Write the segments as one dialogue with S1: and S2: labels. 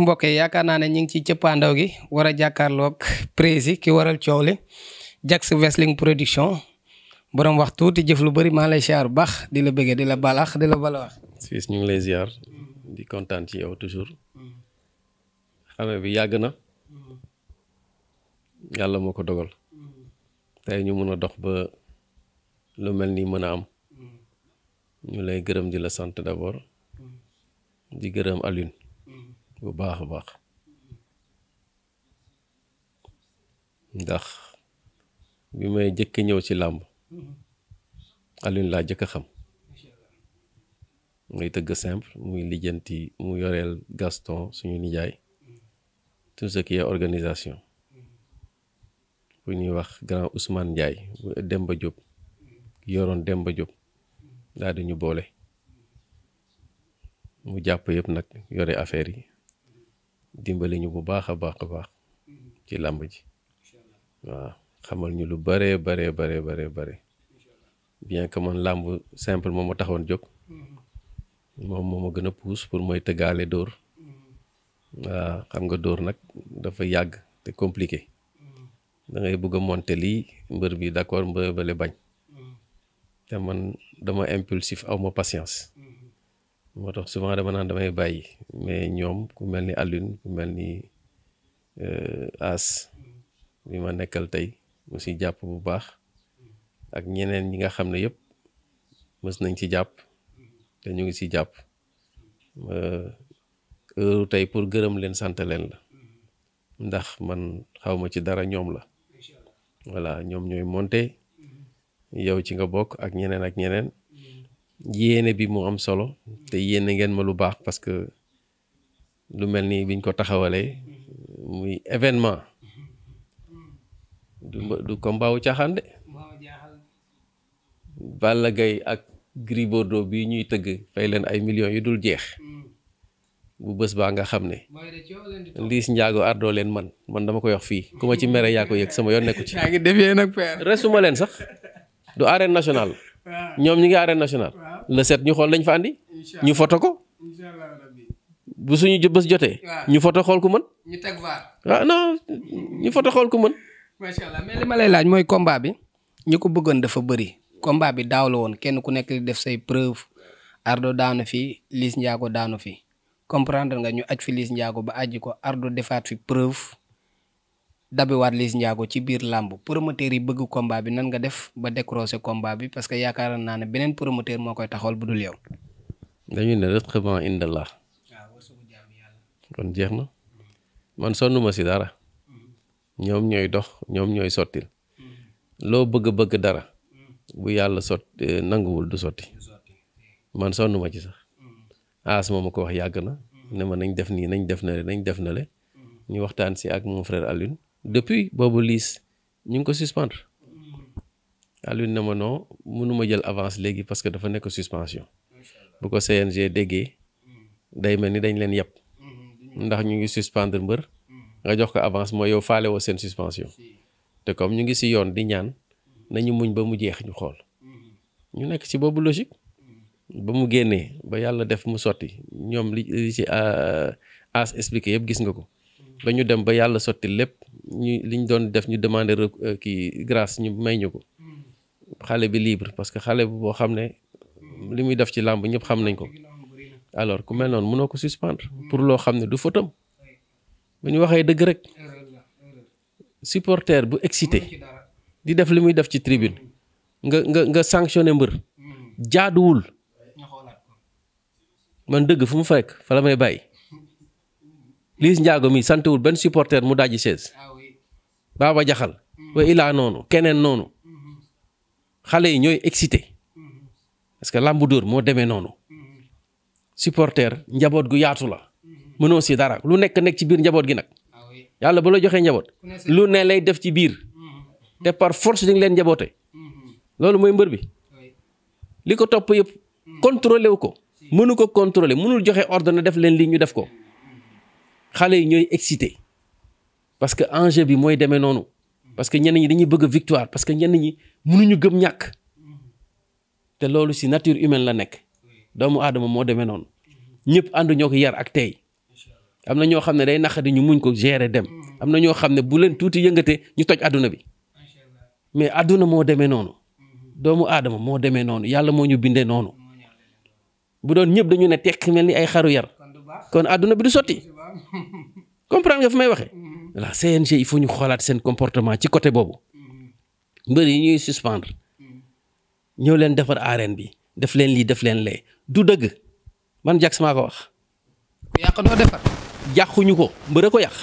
S1: mbokk yi yaakaar naa ne ñu ngi ci cëppaandaw gi war a jàkkaarloog prési ki waral coow li Diaks Wrestling Production borom wax tuuti jëf lu bari maa lay siyaar bu baax di la bëggee di la balaax di la balax.
S2: Ciss ñu ngi lay ziar di kontaan ci yow toujours xame bi yàgg na yàlla moo ko dogal tey ñu mën a dox ba lu mel ni mën a am ñu lay gërëm di la sant d'abord di gërëm Alioune. bu baax a baax ndax bi may jëkk ñëw ci làmb Alioune laa jëkk a xam ngay tëgg simple muy lijjanti mu yoreel Gaston suñu nijaay tout ce qui organisation bu ñuy wax grand njaay Ndiaye Demba Diop yoroon Demba Diop daal di ñu boole mu jàpp yëpp nag yore affaire yi dimbali ñu bu baax a baax a baax mm-hmm. ci làmb ji waaw xamal ñu lu bëree bëree bare bare bëri bien que man làmb simple moom ma taxoon jóg mm-hmm. moom moo ma gën a puus pour mooy tëggaale dóor mm-hmm. waaw xam nga dóor nag dafa yàgg te compliquer da ngay bëgg a monter lii mbër bii d'accord mbër bale bañ te man dama impulsif aw ma patience. moo tax souvent dama naan damay bàyyi mais ñoom ku mel ni Alioune ku mel ni euh, As bi ma nekkal tey mu si jàpp bu baax ak ñeneen ñi nga xam ne yëpp mës nañ ci jàpp te ñu ngi ci jàpp euh, heure tey pour gërëm leen sant leen la ndax man xawma ci dara ñoom la voilà ñoom ñooy monté yow ci nga bokk ak ñeneen ak ñeneen. yéene bi mu am solo te yéene ngeen ma lu baax parce que lu mel nii biñ ko taxawalee muy événement du ko combat wu caaxaan de Balla Gaye ak Gris Bordeaux bii ñuy tëgg fay leen ay millions yu dul jeex hmm. bu bës baa nga xam ne Liss Ndiago àddoo leen man man dama ko yox fii ku ma ci mere yaa ko yëg sama yoon nekku ci. yaa ngi defee nag resuma leen sax du arène national ah. ñoom ñi ngi arène national le sept ñu xool lañ fa andi. ñu foto ko. bu suñu bés jotee. ñu foto xool ko mën. ñu teg vaar. ah ñu foto xool ku mën.
S1: macha allah lay laaj mooy combat bi. ñu ko bëggoon dafa bëri. combat bi daaw la woon kenn ku nekk def say preuve. Ardo daanu fi Liss Ndiago daanu fi comprendre nga ñu aj fi Liss Ndiago ba aji ko Ardo defaat fi preuve. dabiwaat liis Ndiago ci biir làmb promoteur yi bëgg combat bi nan nga def ba décrocher combat bi parce que yaakaar naa ne beneen promoteur moo koy taxawal bu dul yow.
S2: dañu ne rek xamaa indallah kon jeex na man sonnuma si dara hmm. ñoom ñooy dox ñoom ñooy sottil hmm. loo bëgg-bëgg dara hmm. bu yàlla sot nanguwul du sotti man sonnuma ci sax aas moom ma ko wax yàgg na ne ma nañ def nii nañ def na le nañ def na le ñu waxtaan si ak mon frère Alioune depuis boobu liis ñu ngi ko suspendre Alioune ne ma noo mënuma jël avance léegi parce que dafa nekk suspension bu ko CNG déggee day mel ni dañ leen yàpp mm-hmm. ndax ñu ngi suspendre mbër mm-hmm. nga jox ko avance mooy yow faale woo seen suspension te comme ñu ngi si yoon di ñaan mm-hmm. nañu muñ ba mu jeex ñu xool ñu nekk ci boobu logique ba mu génnee ba yàlla def mu sotti ñoom li li ci euh, as expliqué yëpp gis nga ko ba dem ba yàlla sotti lépp. ñu li ñu doon def ñu demander euh, kii grace ñu may ñu ko xale bi libre parce que xale bi boo xam ne li muy def ci làmb ñëpp xam nañ ko alors ku mel noonu mënoo ko suspendre pour loo xam ne du fëtam bu ñu waxee dëgg rek supporter bu excité di def li muy def ci tribune nga nga nga sanctionné mbër jaaduwul man dëgg fu mu fekk fa la may bàyyi. Liss Ndiago mi santewul benn supporter mu dajji chaise ah Baba Jaxal hmm. wa ilaa noonu keneen noonu hmm. xale yi ñooy excité hmm. parce que làmbu dóor moo demee noonu supporter njaboot gu yaatu la mënoo si dara lu nekk nekk ci biir njaboot gi nag ah yàlla ba la joxee njaboot lu ne lay def ci biir te par force di nga leen njaboote loolu mooy mbër bi li ko topp yëpp contrôlé wu ko mënu ko contrôlé mënul joxe ordre na def leen lii ñu def ko xale yi ñooy excité parce que enjeu bi mooy demee noonu parce que ñenn ñi dañuy bëgg victoire parce que ñenn ñi mënuñu gëm ñàkk te loolu si nature humaine la nekk doomu aadama moo demee noonu ñëpp àndu yar ak tey am na ñoo xam ne day naqadi ñu muñ ko gérer dem am na ñoo xam ne bu leen tuuti yëngate ñu toj àdduna bi àdduna moo demee noonu doomu aadama moo demee noonu yàlla moo ñu bindee noonu bu doon ñëpp dañu ne tekk mel ni ay xaru yar kon àdduna bi du sotti comprendre nga fi may waxee. voilà CNG il faut ñu xoolaat seen comportement ci côté boobu. mbër yi ñuy suspendre. ñëw leen defar arène bi daf leen lii def leen lee du dëgg man Jax maa ko wax. yàq doo defar. yàquñu ko mbër a ko yàq.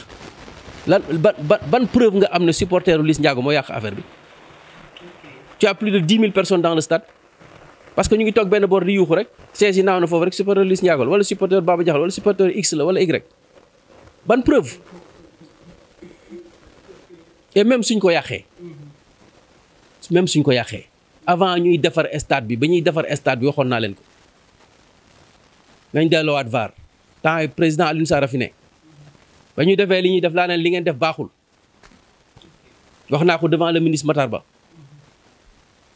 S2: lan ban ban preuve nga am ne supporteru Liss Ndiago moo yàq affaire bi. tu de dix mille personnes dans le stade. parce que ñu ngi toog benn boor di yuuxu rek. sees yi naaw na foofu rek supporter Liss Ndiago la wala Y. ban preuve et même suñ ko yàqee même suñ ko yàqee avant ñuy defar stade bi ba ñuy defar stade bi waxoon naa leen ko nañ delloowaat VAR temps président Alioune Sarr a fi ne ba ñu defee li ñuy def laa ne li ngeen def baaxul wax naa ko devant le ministre Matar Ba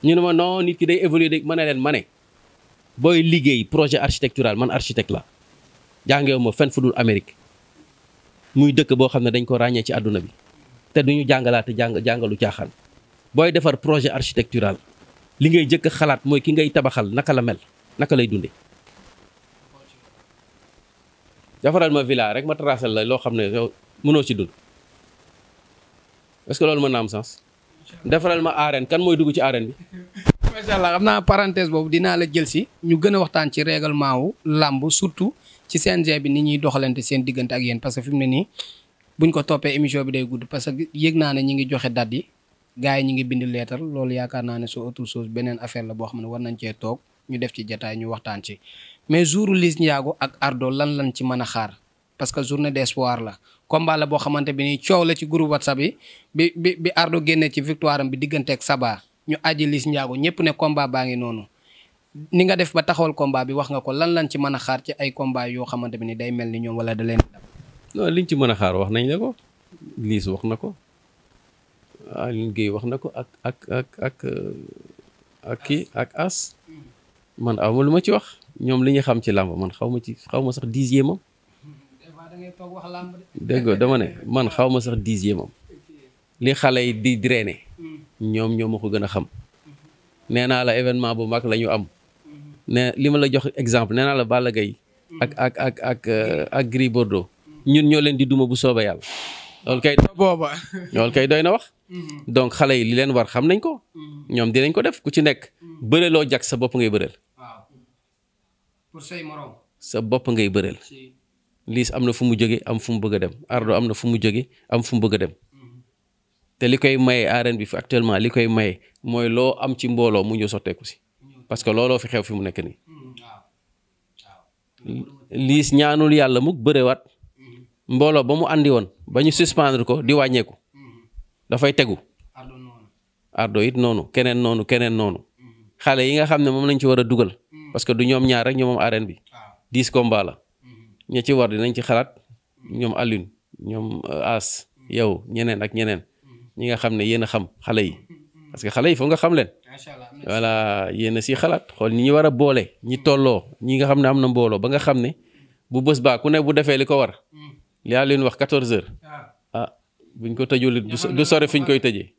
S2: ñu ne ma non nit ki day évoluer de ma ne leen ma ne booy liggéey projet architectural man architecte la jàngeewu ma fenn fu dul Amérique muy dëkk boo xam ne dañ ko ràññee ci àdduna bi te duñu jàngalaate jàng jàngalu caaxaan booy defar projet architectural li ngay jëkk xalaat mooy ki ngay tabaxal naka la mel naka lay dunde defaral ma villa rek ma trasel la loo xam ne yow mënoo ci dund est-ce que loolu mën na am sens defaral ma arène kan mooy dugg ci arène bi macha allah xam naa parenthèse boobu dinaa la jël si ñu gën
S1: a waxtaan ci règlement wu làmb surtout ci CNG bi ni ñuy doxalante seen diggante ak yéen parce que fi mu ne nii buñ ko toppee émission bi day gudd parce que yëg naa ne ñi ngi joxe date yi yi ñi ngi bind leetar loolu yaakaar naa ne soo autre chose beneen affaire la boo xam ne war nañ cee toog ñu def ci jataay ñu waxtaan ci mais jouru Liss Ndiago ak Ardo lan lan ci mën a xaar parce que journée d'espoir la combat la boo xamante bi ni coow la ci groupe WhatsApp yi bi bi bi génnee ci victoire bi digganteeg Saba ñu aji Liss Ndiago ñëpp ne combat baa ngi noonu ni nga def ba taxawal combat bi wax nga ko lan lan ci mën a xaar ci ay combat yoo xamante ni day mel ni ñoom wala da leen
S2: non liñ ci mën a xaar wax nañ la ko Liss wax na ko Aline wax na ko ak ak ak ak euh, ak kii ak as man aw ma lu ma ci wax ñoom li ñu xam ci làmb man xaw ma ci xaw ma sax dixième am dégg dama ne man xaw ma sax dixième am li xale yi di drainer ñoom ñoo ma ko gën a xam nee naa la événement bu mag lañu am ne li ma la jox exemple nee naa la bala Gaye ak ak ak ak euh, ak Gris Bordeaux ñun ñoo leen di duma bu soobee yàlla loolu kay booba loolu kay doy na wax mm-hmm. donc xale yi li leen war xam nañ ko mm-hmm. ñoom dinañ ko def ku ci nekk mm-hmm. bëreloo jag sa bopp ngay bëreel pour say sa bopp ngay bëreel liis am na fu mu jóge am fu mu bëgg a dem ardo am na fu mu jóge am fu mu bëgg a dem te li koy maye arène bi fi actuellement li koy maye mooy loo am ci mbooloo mu ñëw sotteeku si parce que looloo fi xew fi mu nekk nii liis ñaanul yàlla mu bërewaat mbooloo ba mu àndi woon ba ñu suspendre ko di wàññeeku dafay tegu ardo it noonu keneen noonu keneen noonu xale yi nga xam ne moom nañ ci war a dugal parce que du ñoom ñaar rek ñoom arène ah. bi dix combats la mhm. ña ci war dinañ ci xalaat ñoom Alioune ñoom euh, As mhm. yow ñeneen ak ñeneen ñi nga xam ne yéen xam xale yi parce que xale yi foog nga xam leen. voilà yéen si xalaat xool ñi ñu war a boole ñi tolloo ñi nga xam ne am na mbooloo ba nga xam ne bu bës baa ku ne bu defee li ko war mm. li leen wax 14 ah ah buñ ko tëjul du sore fiñ koy tëjee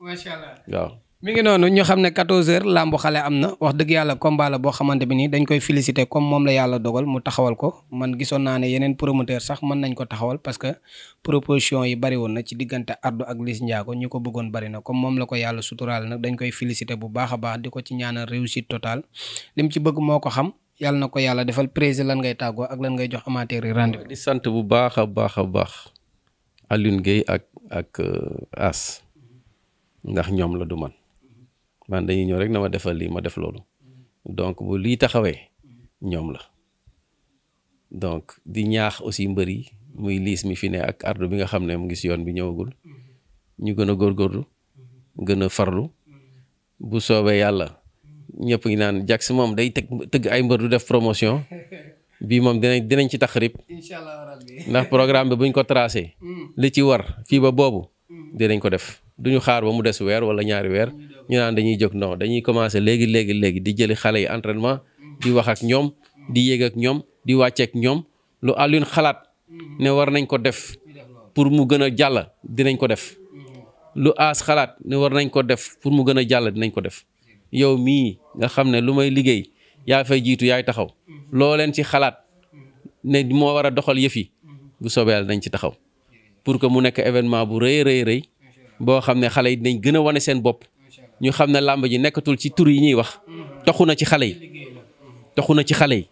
S2: waaw.
S1: mi ngi noonu ñu xam ne 14h làmbu xale am na wax dëgg yàlla combat la boo xamante bi nii dañ koy féliciter comme moom la yàlla dogal mu taxawal ko man gisoon naa ne yeneen promoteur sax mën nañ ko taxawal parce que proposition yi bari woon na ci diggante Ardo ak Liss Ndiago ñi ko bëggoon bari na comme moom la ko yàlla suturaal dañ koy féliciter bu baax baax di ko ci ñaanal réussite totale lim ci bëgg moo ko xam yàlla ko yàlla defal président lan ngay tàggoo ak lan ngay jox amateur yi rendez-vous
S2: di sant bu baax a baax a baax Alioune ak ak euh, As ndax ñoom la du man man dañuy ñëw rek na ma defal lii ma def loolu donc bu lii taxawee ñoom la donc di ñaax aussi mbër yi muy liis mi fi ne ak ardo bi nga xam ne mu ngi si yoon bi ñëwagul ñu gën a góor góorgóorlu gën a farlu bu soobee yàlla ñëpp ngi naan Jax moom day teg tëgg ay mbër du def promotion bii moom dinañ dinañ ci tax rib ndax programme bi buñ ko tracé mm. li ci war fii ba boobu mm. dinañ ko def du ñu xaar ba mu des weer wala ñaari weer ñu naan dañuy jóg non dañuy commencé léegi léegi léegi di jëli xale yi entraînement di wax ak ñoom di yéeg ak ñoom di wàcceek ñoom lu Alioune xalaat ne war nañ ko def pour mu gën a jàll dinañ ko def lu aas xalaat ne war nañ ko def pour mu gën a jàll dinañ ko def yow mii nga xam ne lu may liggéey yaa fay jiitu yaay taxaw loo leen ci xalaat ne moo war a doxal yëf yi bu soobee yàlla nañ ci taxaw pour que mu nekk événement bu rëy rëy rëy boo xam ne xale yi dinañ gën a wane seen bopp ñu xam ne làmb ji nekkatul ci tur yi ñuy wax toxu na ci xale yi toxu na ci xale yi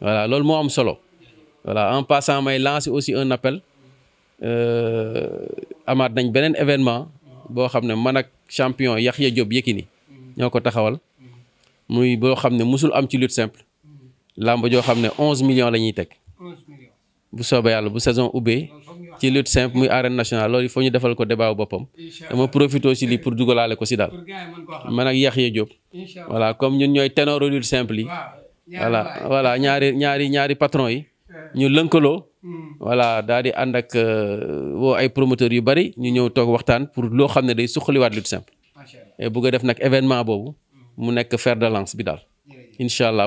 S2: voilà loolu moo am solo voilà en passant may lancer aussi un appel euh, amaat nañ beneen événement boo xam ne man ak champion Yaxya Diop Yékini ñoo ko taxawal muy boo xam ne mosul am ci lut simple làmb joo xam ne onze million la ñuy teg bu soobee yàlla bu saison ubbee ci lutte simple muy arène nationale loolu il faut ñu defal ko débat boppam dama profité aussi lii pour dugalaale ko si daal man ak Yaxya Diop voilà comme ñun ñooy ténoru lutte simple yi voilà voilà ñaari ñaari ñaari patron yi ñu lënkaloo hmm. voilà daal ànd ak euh, woo ay promoteurs yu bari ñu ñëw toog waxtaan pour loo xam ne day suqaliwaat lutte simple et bëgg a def nag événement boobu mu nekk fer de lance bi daal hmm. incha allah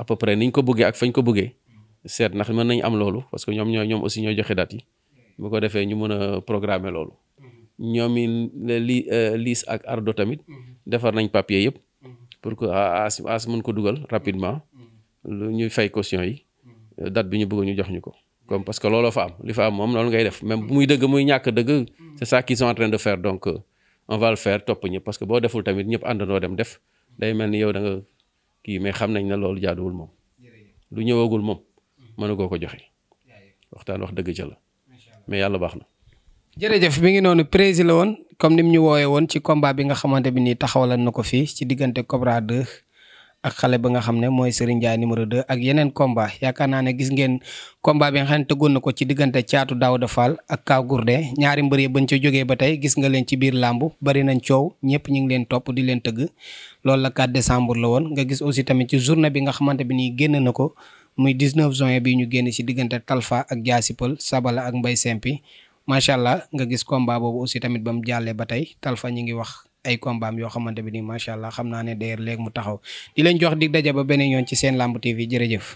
S2: à peu niñ ko bëggee ak fañ ko bëggee seet ndax mën nañ am loolu parce que ñoom ñoo ñoom aussi ñoo joxe date yi bu ko defee ñu mën a programmer loolu ñoom li euh, liis ak ardo tamit defar nañ papier yëpp pour que as as mën ko dugal rapidement lu ñu fay caution yi date bi ñu bëgg ñu jox ñu ko comme parce que looloo fa am li fa am moom loolu ngay def muy dëgg muy ñàkk dëgg c'est sa qu'ils en train de faire donc euh, on va le topp ñëpp parce que boo deful tamit ñëpp àndandoo dem def kii mais xam nañ ne loolu jaaduwul moom lu ñëwagul moom mën a goo ko joxe waxtaan wax dëgg ca la mais yàlla baax na.
S1: jërëjëf bi ngi noonu président la woon comme ni mu ñu woowee woon ci combat bi nga xamante bi nii taxawal na ko fii ci diggante Cobra ak xale ba nga xam ne mooy Serigne Ndiaye numéro 2 ak yeneen combat yaakaar naa ne gis ngeen combat bi nga xam ne tëggoon na ko ci diggante caatu Daouda Fall ak Kaw Gourdin ñaari mbër yi bañ ca jógee ba tey gis nga leen ci biir làmb bari nañ coow ñëpp ñu ngi leen topp di leen tëgg loolu la 4 décembre la woon nga gis aussi tamit ci journée bi nga xamante bi nii génn na ko muy 19 join bi ñu génn ci diggante Talfa ak Diassipal Sabala ak Mbay Sempi macha allah nga gis combat boobu aussi tamit ba mu jàllee ba tey Talfa ñu ngi wax ay kombaam yoo xamante bi nii macha allah xam naa ne d'ailleurs léegi mu taxaw di leen jox dig daje ba beneen yoon ci seen lamb TV jërëjëf.